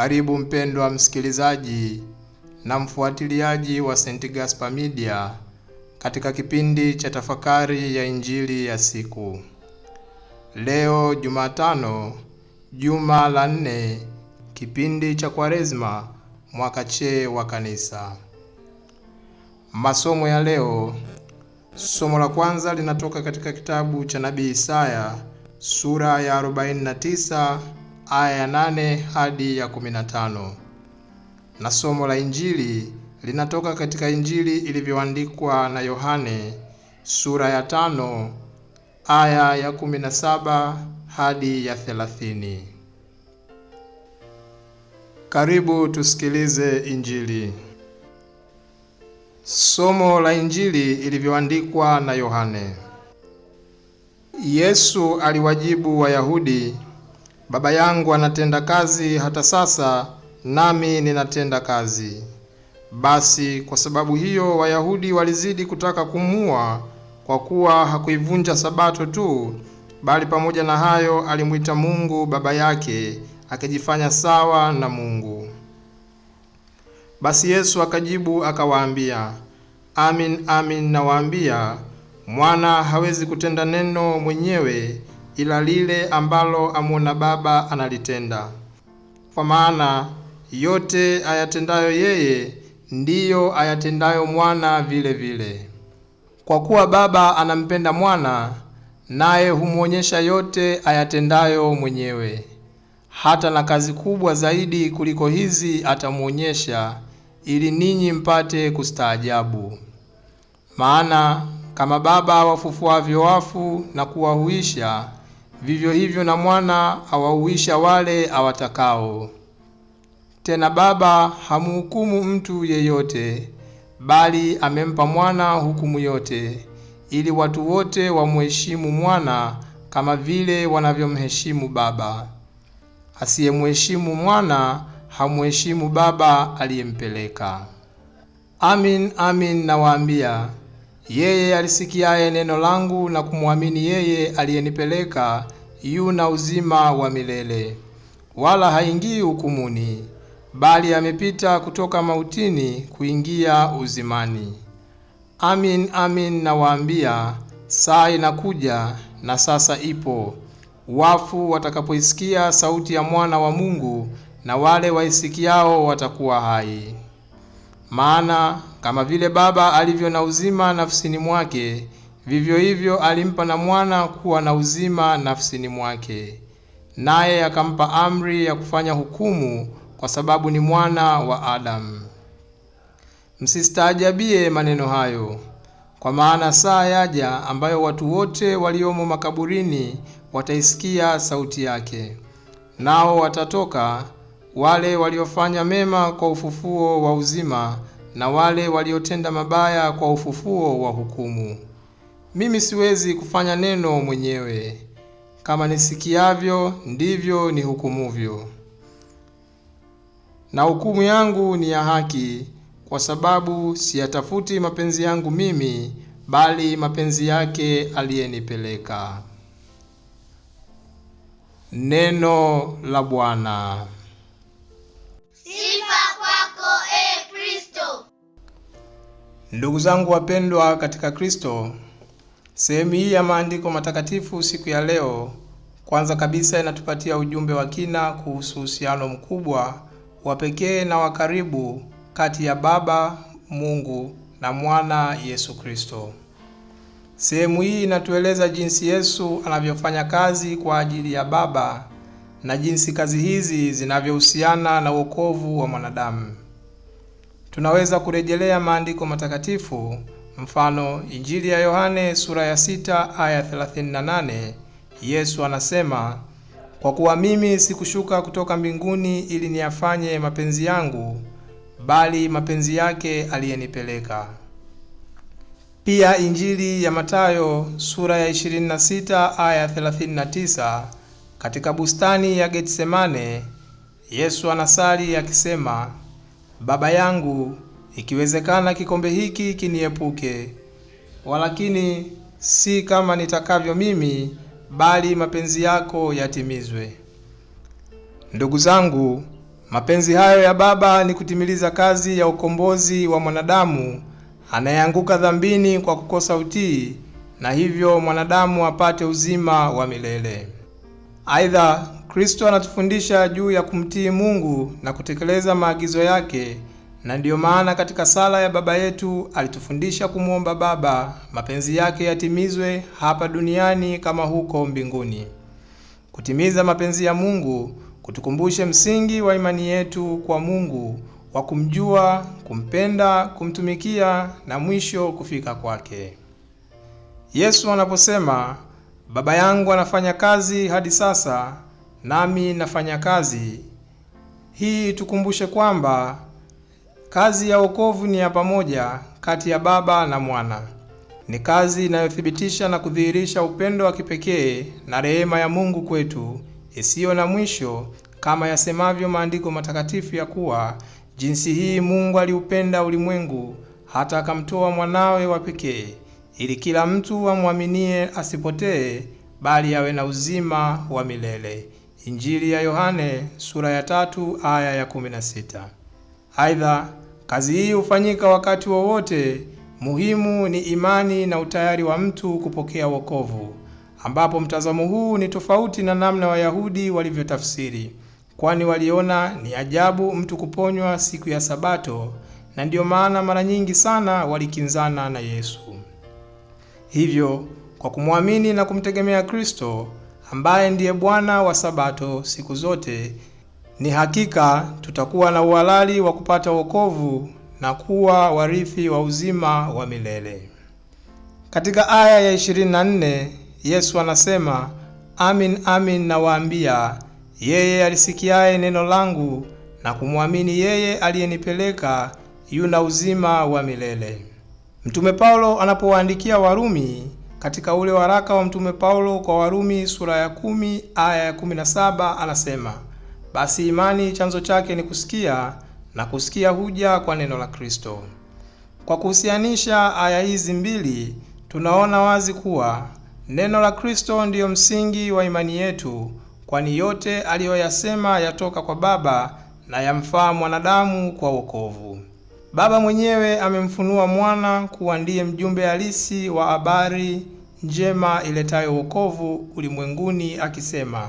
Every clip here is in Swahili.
Karibu mpendwa msikilizaji na mfuatiliaji wa St. Gaspar Media katika kipindi cha tafakari ya Injili ya siku. Leo Jumatano, juma la nne, kipindi cha Kwaresma mwaka C wa Kanisa. Masomo ya leo, somo la kwanza linatoka katika kitabu cha nabii Isaya sura ya 49 aya ya nane hadi ya kumi na tano na somo la Injili linatoka katika Injili ilivyoandikwa na Yohane sura ya tano aya ya kumi na saba hadi ya thelathini. Karibu tusikilize Injili. Somo la Injili ilivyoandikwa na Yohane. Yesu aliwajibu Wayahudi Baba yangu anatenda kazi hata sasa, nami ninatenda kazi. Basi kwa sababu hiyo Wayahudi walizidi kutaka kumuua, kwa kuwa hakuivunja sabato tu, bali pamoja na hayo alimwita Mungu baba yake, akijifanya sawa na Mungu. Basi Yesu akajibu akawaambia, amin amin nawaambia, mwana hawezi kutenda neno mwenyewe ila lile ambalo amuona Baba analitenda. Kwa maana yote ayatendayo yeye ndiyo ayatendayo mwana vile vile, kwa kuwa Baba anampenda mwana, naye humwonyesha yote ayatendayo mwenyewe. Hata na kazi kubwa zaidi kuliko hizi atamwonyesha, ili ninyi mpate kustaajabu. Maana kama Baba wafufuavyo wafu na kuwahuisha, vivyo hivyo na mwana awauisha wale awatakao. Tena Baba hamuhukumu mtu yeyote, bali amempa mwana hukumu yote, ili watu wote wamheshimu mwana kama vile wanavyomheshimu Baba. Asiyemheshimu mwana hamheshimu Baba aliyempeleka. Amin, amin nawaambia yeye alisikiaye neno langu na kumwamini yeye aliyenipeleka yuna uzima wa milele, wala haingii hukumuni, bali amepita kutoka mautini kuingia uzimani. Amin, amin nawaambia, saa inakuja na sasa ipo, wafu watakapoisikia sauti ya mwana wa Mungu, na wale waisikiao watakuwa hai. Maana kama vile Baba alivyo na uzima nafsini mwake, vivyo hivyo alimpa na Mwana kuwa na uzima nafsini mwake, naye akampa amri ya kufanya hukumu, kwa sababu ni mwana wa Adamu. Msistaajabie maneno hayo, kwa maana saa yaja ambayo watu wote waliomo makaburini wataisikia sauti yake, nao watatoka wale waliofanya mema kwa ufufuo wa uzima na wale waliotenda mabaya kwa ufufuo wa hukumu. Mimi siwezi kufanya neno mwenyewe; kama nisikiavyo ndivyo nihukumuvyo, na hukumu yangu ni ya haki, kwa sababu siyatafuti mapenzi yangu mimi, bali mapenzi yake aliyenipeleka. Neno la Bwana. Ndugu zangu wapendwa katika Kristo, sehemu hii ya maandiko matakatifu siku ya leo, kwanza kabisa inatupatia ujumbe wa kina kuhusu uhusiano mkubwa wa pekee na wa karibu kati ya Baba Mungu na Mwana Yesu Kristo. Sehemu hii inatueleza jinsi Yesu anavyofanya kazi kwa ajili ya Baba na jinsi kazi hizi zinavyohusiana na wokovu wa mwanadamu tunaweza kurejelea maandiko matakatifu, mfano Injili ya Yohane sura ya 6 aya 38. Yesu anasema, kwa kuwa mimi sikushuka kutoka mbinguni ili niyafanye mapenzi yangu, bali mapenzi yake aliyenipeleka. Pia Injili ya Matayo sura ya 26 aya 39, katika bustani ya Getsemane Yesu anasali akisema Baba yangu, ikiwezekana kikombe hiki kiniepuke, walakini si kama nitakavyo mimi, bali mapenzi yako yatimizwe. Ndugu zangu, mapenzi hayo ya Baba ni kutimiliza kazi ya ukombozi wa mwanadamu anayeanguka dhambini kwa kukosa utii, na hivyo mwanadamu apate uzima wa milele. Aidha, Kristo anatufundisha juu ya kumtii Mungu na kutekeleza maagizo yake, na ndiyo maana katika sala ya Baba yetu alitufundisha kumwomba Baba mapenzi yake yatimizwe hapa duniani kama huko mbinguni. Kutimiza mapenzi ya Mungu kutukumbushe msingi wa imani yetu kwa Mungu wa kumjua, kumpenda, kumtumikia na mwisho kufika kwake. Yesu anaposema, Baba yangu anafanya kazi hadi sasa nami nafanya kazi. Hii tukumbushe kwamba kazi ya wokovu ni ya pamoja kati ya Baba na Mwana. Ni kazi inayothibitisha na kudhihirisha upendo wa kipekee na rehema ya Mungu kwetu isiyo na mwisho, kama yasemavyo maandiko matakatifu ya kuwa jinsi hii Mungu aliupenda ulimwengu hata akamtoa mwanawe wa pekee, ili kila mtu amwaminie asipotee, bali awe na uzima wa milele. Injili ya Yohane sura ya tatu aya ya 16. Aidha, kazi hii hufanyika wakati wowote. Muhimu ni imani na utayari wa mtu kupokea wokovu, ambapo mtazamo huu ni tofauti na namna Wayahudi walivyotafsiri, kwani waliona ni ajabu mtu kuponywa siku ya Sabato, na ndiyo maana mara nyingi sana walikinzana na Yesu. Hivyo, kwa kumwamini na kumtegemea Kristo ambaye ndiye Bwana wa Sabato siku zote, ni hakika tutakuwa na uhalali wa kupata wokovu na kuwa warithi wa uzima wa milele. Katika aya ya 24 Yesu anasema, amin amin nawaambia, yeye alisikiaye neno langu na kumwamini yeye aliyenipeleka yuna uzima wa milele. Mtume Paulo anapowaandikia Warumi katika ule waraka wa Mtume Paulo kwa Warumi sura ya kumi aya ya kumi na saba anasema, basi imani chanzo chake ni kusikia na kusikia huja kwa neno la Kristo. Kwa kuhusianisha aya hizi mbili, tunaona wazi kuwa neno la Kristo ndiyo msingi wa imani yetu, kwani yote aliyoyasema yatoka kwa Baba na yamfaa mwanadamu kwa wokovu. Baba mwenyewe amemfunua Mwana kuwa ndiye mjumbe halisi wa habari njema iletayo wokovu ulimwenguni, akisema,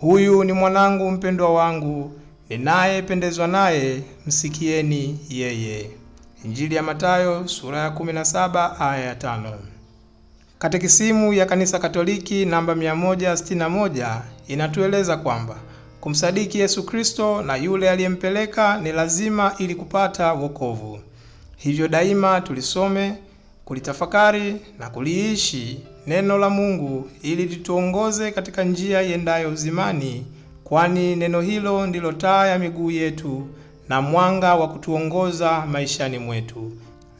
huyu ni mwanangu mpendwa wangu ninayependezwa naye, msikieni yeye. Injili ya Mathayo sura ya 17 aya ya 5. Katekisimu ya Kanisa Katoliki namba 161 inatueleza kwamba Kumsadiki Yesu Kristo na yule aliyempeleka ni lazima ili kupata wokovu. Hivyo daima tulisome, kulitafakari na kuliishi neno la Mungu ili lituongoze katika njia iendayo uzimani, kwani neno hilo ndilo taa ya miguu yetu na mwanga wa kutuongoza maishani mwetu.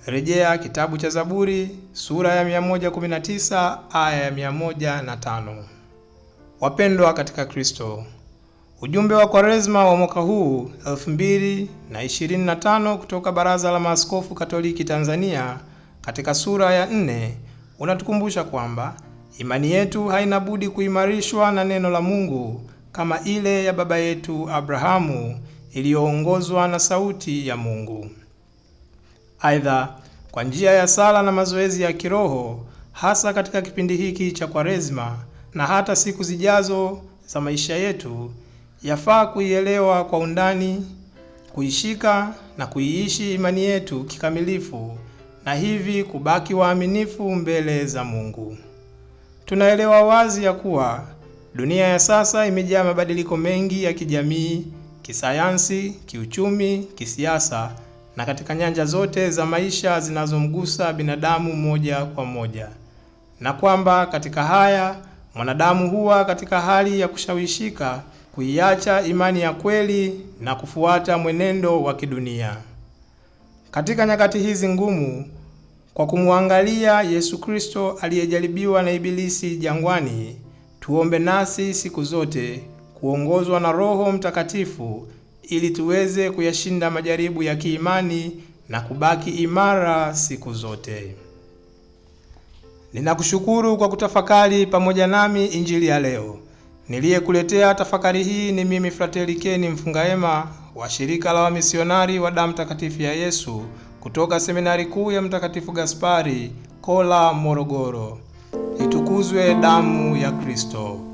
Rejea kitabu cha Zaburi sura ya 119 aya ya 105. Wapendwa katika Kristo, Ujumbe wa Kwaresma wa mwaka huu 2025 kutoka Baraza la Maaskofu Katoliki Tanzania katika sura ya nne unatukumbusha kwamba imani yetu haina budi kuimarishwa na neno la Mungu kama ile ya baba yetu Abrahamu iliyoongozwa na sauti ya Mungu. Aidha, kwa njia ya sala na mazoezi ya kiroho hasa katika kipindi hiki cha Kwaresma na hata siku zijazo za maisha yetu yafaa kuielewa kwa undani, kuishika na kuiishi imani yetu kikamilifu na hivi kubaki waaminifu mbele za Mungu. Tunaelewa wazi ya kuwa dunia ya sasa imejaa mabadiliko mengi ya kijamii, kisayansi, kiuchumi, kisiasa na katika nyanja zote za maisha zinazomgusa binadamu moja kwa moja, na kwamba katika haya mwanadamu huwa katika hali ya kushawishika kuiacha imani ya kweli na kufuata mwenendo wa kidunia. Katika nyakati hizi ngumu, kwa kumwangalia Yesu Kristo aliyejaribiwa na Ibilisi jangwani, tuombe nasi siku zote kuongozwa na Roho Mtakatifu ili tuweze kuyashinda majaribu ya kiimani na kubaki imara siku zote. Ninakushukuru kwa kutafakari pamoja nami Injili ya leo. Niliyekuletea tafakari hii ni mimi Frateli Keni Mfungahema wa shirika la wamisionari wa, wa damu takatifu ya Yesu kutoka seminari kuu ya Mtakatifu Gaspari Kola, Morogoro. Itukuzwe damu ya Kristo!